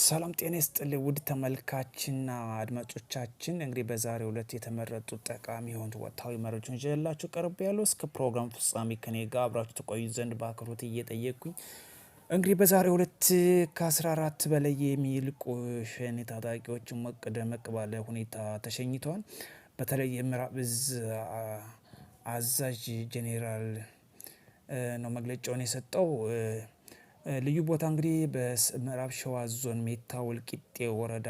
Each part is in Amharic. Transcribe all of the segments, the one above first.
ሰላም ጤና ይስጥልኝ ውድ ተመልካችና አድማጮቻችን፣ እንግዲህ በዛሬ ሁለት የተመረጡ ጠቃሚ የሆኑ ወቅታዊ መረጃዎችን ይዤላችሁ ቀርብ ያለው እስከ ፕሮግራም ፍጻሜ ከኔ ጋር አብራችሁ ተቆዩ ዘንድ በአክብሮት እየጠየቅኩኝ እንግዲህ በዛሬ ሁለት ከ14 በላይ የሚልቁ ሸኔ ታጣቂዎች ሞቅ ደመቅ ባለ ሁኔታ ተሸኝተዋል። በተለይ የምዕራብ እዝ አዛዥ ጄኔራል ነው መግለጫውን የሰጠው። ልዩ ቦታ እንግዲህ በምዕራብ ሸዋ ዞን ሜታ ወልቂጤ ወረዳ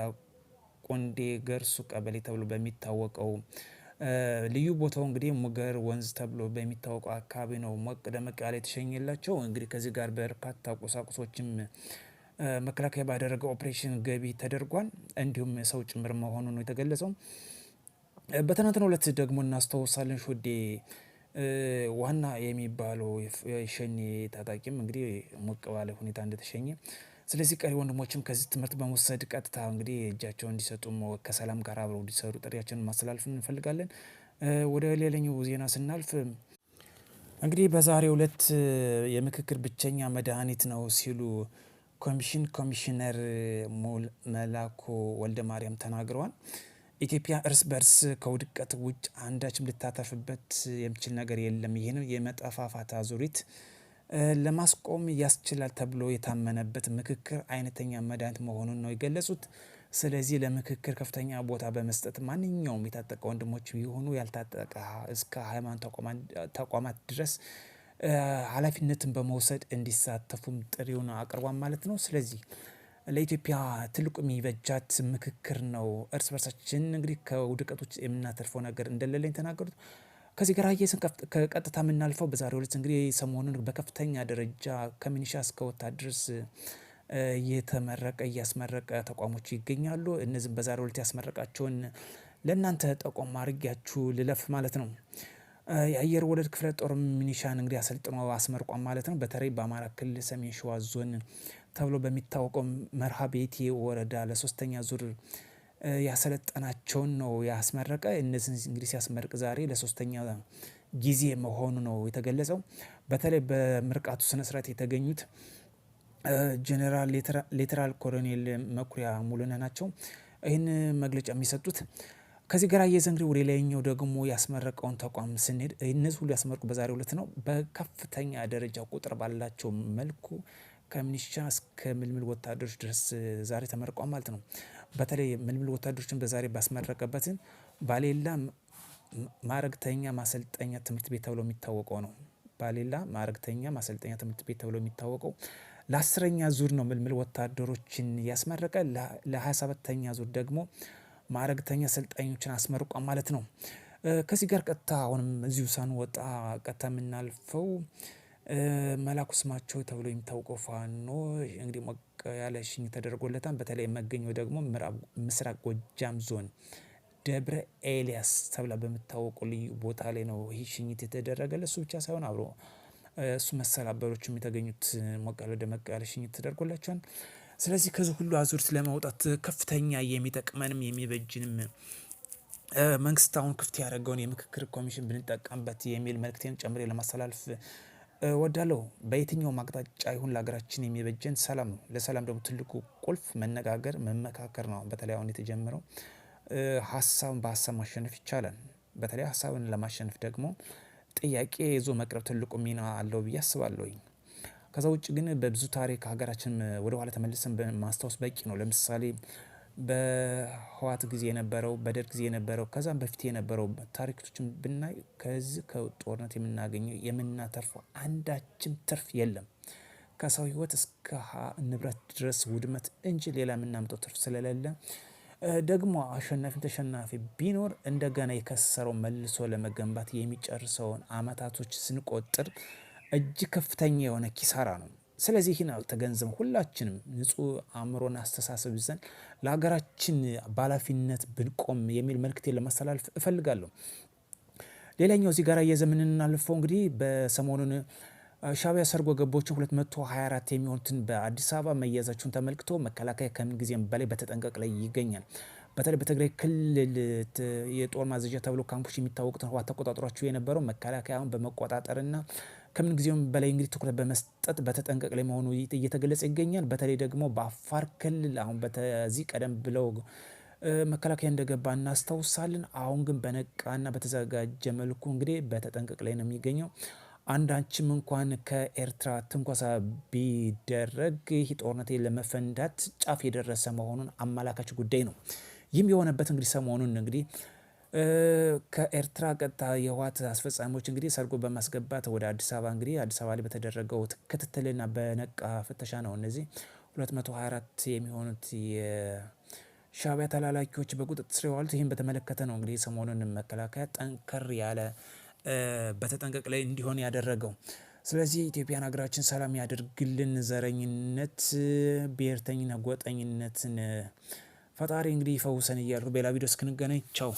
ቆንዴ ገርሱ ቀበሌ ተብሎ በሚታወቀው ልዩ ቦታው እንግዲህ ሙገር ወንዝ ተብሎ በሚታወቀው አካባቢ ነው ሞቅ ደመቅ ያለ የተሸኘላቸው። እንግዲህ ከዚህ ጋር በርካታ ቁሳቁሶችም መከላከያ ባደረገ ኦፕሬሽን ገቢ ተደርጓል። እንዲሁም ሰው ጭምር መሆኑ ነው የተገለጸው። በትናንትናው ዕለት ደግሞ እናስታውሳለን ሾዴ ዋና የሚባለው የሸኔ ታጣቂም እንግዲህ ሞቅ ባለ ሁኔታ እንደተሸኘ ስለዚህ ቀሪ ወንድሞችም ከዚህ ትምህርት በመውሰድ ቀጥታ እንግዲህ እጃቸውን እንዲሰጡ ከሰላም ጋር አብረው እንዲሰሩ ጥሪያችንን ማስተላለፍ እንፈልጋለን። ወደ ሌላኛው ዜና ስናልፍ እንግዲህ በዛሬው ዕለት የምክክር ብቸኛ መድኃኒት ነው ሲሉ ኮሚሽን ኮሚሽነር መላኩ ወልደ ማርያም ተናግረዋል። ኢትዮጵያ እርስ በርስ ከውድቀት ውጭ አንዳችም ልታተርፍበት የሚችል ነገር የለም። ይህንን የመጠፋፋት አዙሪት ለማስቆም ያስችላል ተብሎ የታመነበት ምክክር አይነተኛ መድኃኒት መሆኑን ነው የገለጹት። ስለዚህ ለምክክር ከፍተኛ ቦታ በመስጠት ማንኛውም የታጠቀ ወንድሞች የሆኑ ያልታጠቀ እስከ ሃይማኖት ተቋማት ድረስ ኃላፊነትን በመውሰድ እንዲሳተፉም ጥሪውን አቅርቧል ማለት ነው። ስለዚህ ለኢትዮጵያ ትልቁ የሚበጃት ምክክር ነው። እርስ በርሳችን እንግዲህ ከውድቀቶች የምናተርፈው ነገር እንደሌለኝ ተናገሩት። ከዚህ ጋር አየስን ከቀጥታ የምናልፈው በዛሬ ሁለት እንግዲህ ሰሞኑን በከፍተኛ ደረጃ ከሚኒሻ እስከ ወታደርስ ድረስ የተመረቀ እያስመረቀ ተቋሞች ይገኛሉ። እነዚህም በዛሬ ሁለት ያስመረቃቸውን ለእናንተ ጠቆም አድርጊያችሁ ልለፍ ማለት ነው። የአየር ወለድ ክፍለ ጦር ሚኒሻን እንግዲህ አሰልጥኖ አስመርቋም ማለት ነው። በተለይ በአማራ ክልል ሰሜን ሸዋ ዞን ተብሎ በሚታወቀው መርሃ ቤቴ ወረዳ ለሶስተኛ ዙር ያሰለጠናቸውን ነው ያስመረቀ። እነዚህ እንግዲህ ሲያስመርቅ ዛሬ ለሶስተኛ ጊዜ መሆኑ ነው የተገለጸው። በተለይ በምርቃቱ ስነስርዓት የተገኙት ጄኔራል ሌተራል ኮሎኔል መኩሪያ ሙሉነ ናቸው። ይህን መግለጫ የሚሰጡት ከዚህ ጋር የዘንድሪ ወደ ላይኛው ደግሞ ያስመረቀውን ተቋም ስንሄድ እነዚህ ሁሉ ያስመረቁ በዛሬው ዕለት ነው። በከፍተኛ ደረጃ ቁጥር ባላቸው መልኩ ከሚኒሻ እስከ ምልምል ወታደሮች ድረስ ዛሬ ተመርቋ ማለት ነው። በተለይ ምልምል ወታደሮችን በዛሬ ባስመረቀበትን ባሌላ ማረግተኛ ማሰልጠኛ ትምህርት ቤት ተብሎ የሚታወቀው ነው። ባሌላ ማረግተኛ ማሰልጠኛ ትምህርት ቤት ተብሎ የሚታወቀው ለአስረኛ ዙር ነው ምልምል ወታደሮችን ያስመረቀ። ለሀያ ሰባተኛ ዙር ደግሞ ማዕረግተኛ ሰልጣኞችን አስመርቋ ማለት ነው። ከዚህ ጋር ቀጥታ አሁንም እዚሁ ሳንወጣ ቀጥታ የምናልፈው መላኩ ስማቸው ተብሎ የሚታወቀው ፋኖ እንግዲህ ሞቅ ያለ ሽኝ ተደርጎለታል። በተለይ መገኘው ደግሞ ምስራቅ ጎጃም ዞን ደብረ ኤልያስ ተብላ በምታወቀው ልዩ ቦታ ላይ ነው ይህ ሽኝት የተደረገ። እሱ ብቻ ሳይሆን አብሮ እሱ መሰል አበሮችም የተገኙት ሞቅ ያለ ደመቅ ያለ ሽኝት ተደርጎላቸዋል። ስለዚህ ከዚህ ሁሉ አዙሪት ለመውጣት ከፍተኛ የሚጠቅመንም የሚበጅንም መንግስት አሁን ክፍት ያደረገውን የምክክር ኮሚሽን ብንጠቀምበት የሚል መልእክቴን ጨምሬ ለማስተላለፍ ወዳለው በየትኛውም አቅጣጫ ይሁን ለሀገራችን የሚበጀን ሰላም ነው። ለሰላም ደግሞ ትልቁ ቁልፍ መነጋገር፣ መመካከር ነው። በተለይ አሁን የተጀመረው ሀሳብን በሀሳብ ማሸነፍ ይቻላል። በተለይ ሀሳብን ለማሸነፍ ደግሞ ጥያቄ ይዞ መቅረብ ትልቁ ሚና አለው ብዬ አስባለሁኝ። ከዛ ውጭ ግን በብዙ ታሪክ ሀገራችን ወደኋላ ተመልሰን ማስታወስ በቂ ነው። ለምሳሌ በህዋት ጊዜ የነበረው በደርግ ጊዜ የነበረው ከዛም በፊት የነበረው ታሪኮችን ብናይ ከዚህ ከጦርነት የምናገኘው የምናተርፈው አንዳችም ትርፍ የለም። ከሰው ህይወት እስከ ንብረት ድረስ ውድመት እንጂ ሌላ የምናምጠው ትርፍ ስለሌለ ደግሞ አሸናፊ ተሸናፊ ቢኖር እንደገና የከሰረው መልሶ ለመገንባት የሚጨርሰውን አመታቶች ስንቆጥር እጅግ ከፍተኛ የሆነ ኪሳራ ነው። ስለዚህ ይህን አልተገንዘም ሁላችንም ንጹህ አእምሮን አስተሳሰብ ይዘን ለሀገራችን በኃላፊነት ብንቆም የሚል መልክቴ ለማስተላለፍ እፈልጋለሁ። ሌላኛው እዚህ ጋር እየዘምን እናልፈው እንግዲህ በሰሞኑን ሻቢያ ሰርጎ ገቦችን 224 የሚሆኑትን በአዲስ አበባ መያዛቸውን ተመልክቶ መከላከያ ከምን ጊዜም በላይ በተጠንቀቅ ላይ ይገኛል። በተለይ በትግራይ ክልል የጦር ማዘዣ ተብሎ ካምፖች የሚታወቁትን ህወሓት ተቆጣጥሯቸው የነበረው መከላከያውን በመቆጣጠርና ከምን ጊዜውም በላይ እንግዲህ ትኩረት በመስጠት በተጠንቀቅ ላይ መሆኑ እየተገለጸ ይገኛል። በተለይ ደግሞ በአፋር ክልል አሁን በተዚህ ቀደም ብለው መከላከያ እንደገባ እናስታውሳለን። አሁን ግን በነቃና በተዘጋጀ መልኩ እንግዲህ በተጠንቀቅ ላይ ነው የሚገኘው። አንዳችም እንኳን ከኤርትራ ትንኮሳ ቢደረግ ይህ ጦርነት ለመፈንዳት ጫፍ የደረሰ መሆኑን አመላካች ጉዳይ ነው። ይህም የሆነበት እንግዲህ ሰሞኑን እንግዲህ ከኤርትራ ቀጥታ የህወሓት አስፈጻሚዎች እንግዲህ ሰርጎ በማስገባት ወደ አዲስ አበባ እንግዲህ አዲስ አበባ ላይ በተደረገው ክትትልና በነቃ ፍተሻ ነው እነዚህ 224 የሚሆኑት የሻቢያ ተላላኪዎች በቁጥጥር ስር የዋሉት። ይህም በተመለከተ ነው እንግዲህ ሰሞኑን መከላከያ ጠንከር ያለ በተጠንቀቅ ላይ እንዲሆን ያደረገው። ስለዚህ ኢትዮጵያን ሀገራችን ሰላም ያደርግልን። ዘረኝነት፣ ብሔርተኝና ጎጠኝነትን ፈጣሪ እንግዲህ ይፈውሰን እያሉ በሌላ ቪዲዮ እስክንገናኝ ቻው።